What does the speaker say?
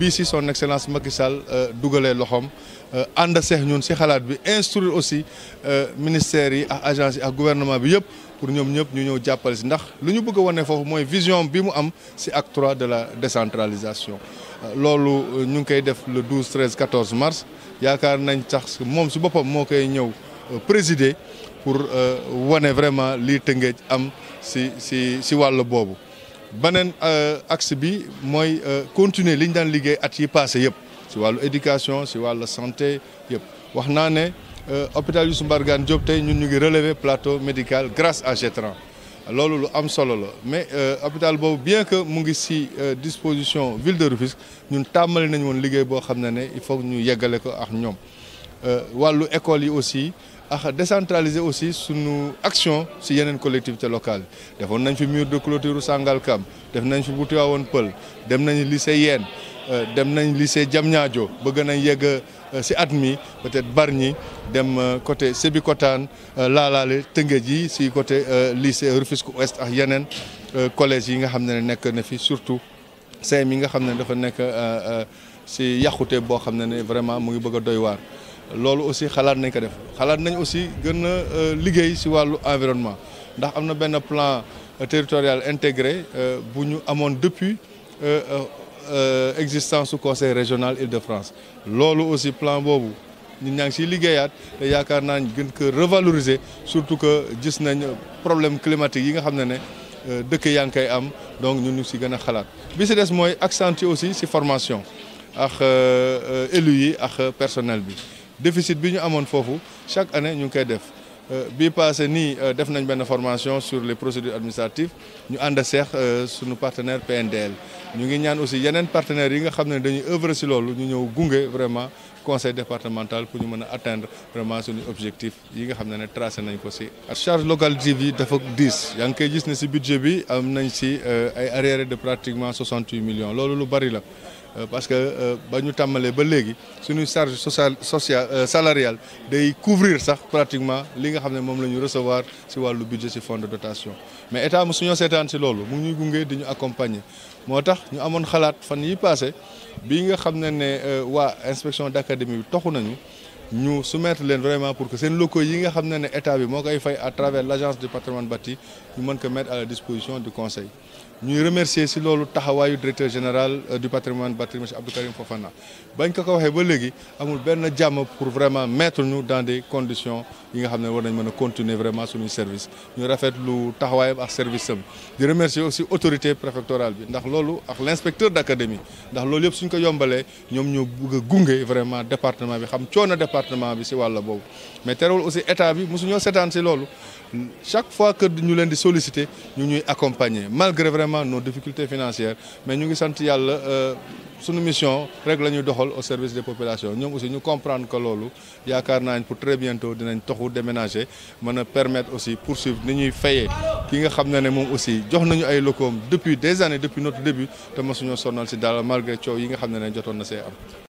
Ici, son excellence Macky Sall euh, dougalé loxom euh, ànd seex ñun xalaat instruire aussi euh, ministère, yi ak agence gouvernement pour ñom ñëpp ñu ñëw jappal ci ndax lu ñu bëgg a une vision bi mu am acte 3 de la décentralisation. Nous ñu ngi koy le 12 13 14 mars yaakar nañ tax mom si bopam mo koy ñëw présider pour que vraiment li Tëngéej am si si ci walu benen euh, axe bi moy euh, continuer liñ dan daan liggéey at yi passé yëpp ci wàllu éducation ci wàllu santé yëpp waxna né euh, hôpital Youssou Mbargane Diop tay ñun ñu ngi relever plateau médical grâce à Jetran lolu lu am solo la mais hôpital bobu bien que mu ngi ci disposition ville de Rufisque ñun tàmmali nañ woon liggéey boo xam ne il faut ñu yégalé ko ak ñom walu école yi aussi ak décentraliser aussi sunu action si yeneen collectivité locale yi defoon nañ fi mur de clôture Sangalkam def nañ fi bu Tivaouane Peulh dem nañ lycée Yène euh, dem nañ lycée Diamniadio bëgg nañ yegg si euh, at mi peut-être Bargny dem euh, côté Sébikotane laalaale Tëngéej yi si côté lycée Rufisque Ouest ak Yenen, collège yi nga xam ne nekk na fi surtout c'est yi nga xam ne dafa nekk si yàqute boo xam ne ne vraiment mu ngi bëgg doy waar lolu aussi xalaat nañ ko def xalaat nañ aussi gën a euh, liggéey si wàllu environnement ndax am na benn plan euh, territorial intégré euh, bu ñu amoon depuis existence du conseil régional Île-de-France loolu aussi plan boobu ñun ñaa ngi siy liggéeyaat te yaakaar naa gën ko revaloriser surtout que gis nañ problème climatique yi nga xam ne ne dëkk yaa ngi koy am donc ñun ñu si gën a xalaat bi si des mooy accentuer aussi si formation ak élu yi ak personnel bi déficit bi ñu amoon chaque année nous avons koy def euh, passé euh, def nañ formation sur les procédures administratives nous avons euh, sur suñu partenaires PNDL nous ngi ñaan aussi des partenaires qui nga fait ne dañuy œuvre ce loolu ñu avons vraiment conseil départemental pour ñu atteindre vraiment suñu objectif yi nga tracé nañ ko La charge locale de vie est de ngi gis ne budget bi am nañ de pratiquement 68 millions loolu lu bari la Euh, parce que euh, ba ñu tàmbalee ba léegi suñu charge sociale sociale euh, salariale day couvrir sax pratiquement li nga xam ne moom la ñu recevoir si wàllu budget si fonds de dotation mais état mu suñoo seetaan si loolu mu ngi ñuy gunge di ñu accompagner moo tax ñu amoon xalaat fan yi passé bi nga xam ne ne waa inspection d'académie bi toxu nañu ñu soumettre vraiment pour que ces locaux yi nga xamné état bi moo koy fay à travers l'agence du patrimoine bâti ñu mën ko mettre à la disposition du conseil ñuy remercier si lolu taxawayu directeur général euh, du patrimoine bâti monsieur Abdou Karim Fofana bañ ko ko waxé ba légui amul ben jamm pour vraiment mettre ñu dans des conditions yi nga xamné war nañ mëna continuer vraiment suñuy service ñu rafet lu taxawaayam ak service am di remercier aussi autorité préfectorale bi ndax lolu ak l'inspecteur d'académie ndax lolu yëpp suñ ko yombalé ñom ñoo bëgg a vraiment département bi xam coono département bi ci wala bobu mais terewul aussi état bi musuñu sétane ci lolu chaque fois que ñu leen di solliciter ñu ñuy accompagner malgré vraiment nos difficultés financières mais ñu ngi sant yàlla euh, suñu mission rek la ñuy doxal au service des populations ñom aussi ñu comprendre que lolu yaakaar naa pour très bientôt dinañ toxu déménager mën permettre aussi poursuivre ni ñuy fayee ki nga xamné né moom aussi jox nañu ay locaux depuis des années depuis notre début te mosuñoo sonnal ci daal malgré ciow yi nga xamné né jotone na sé am.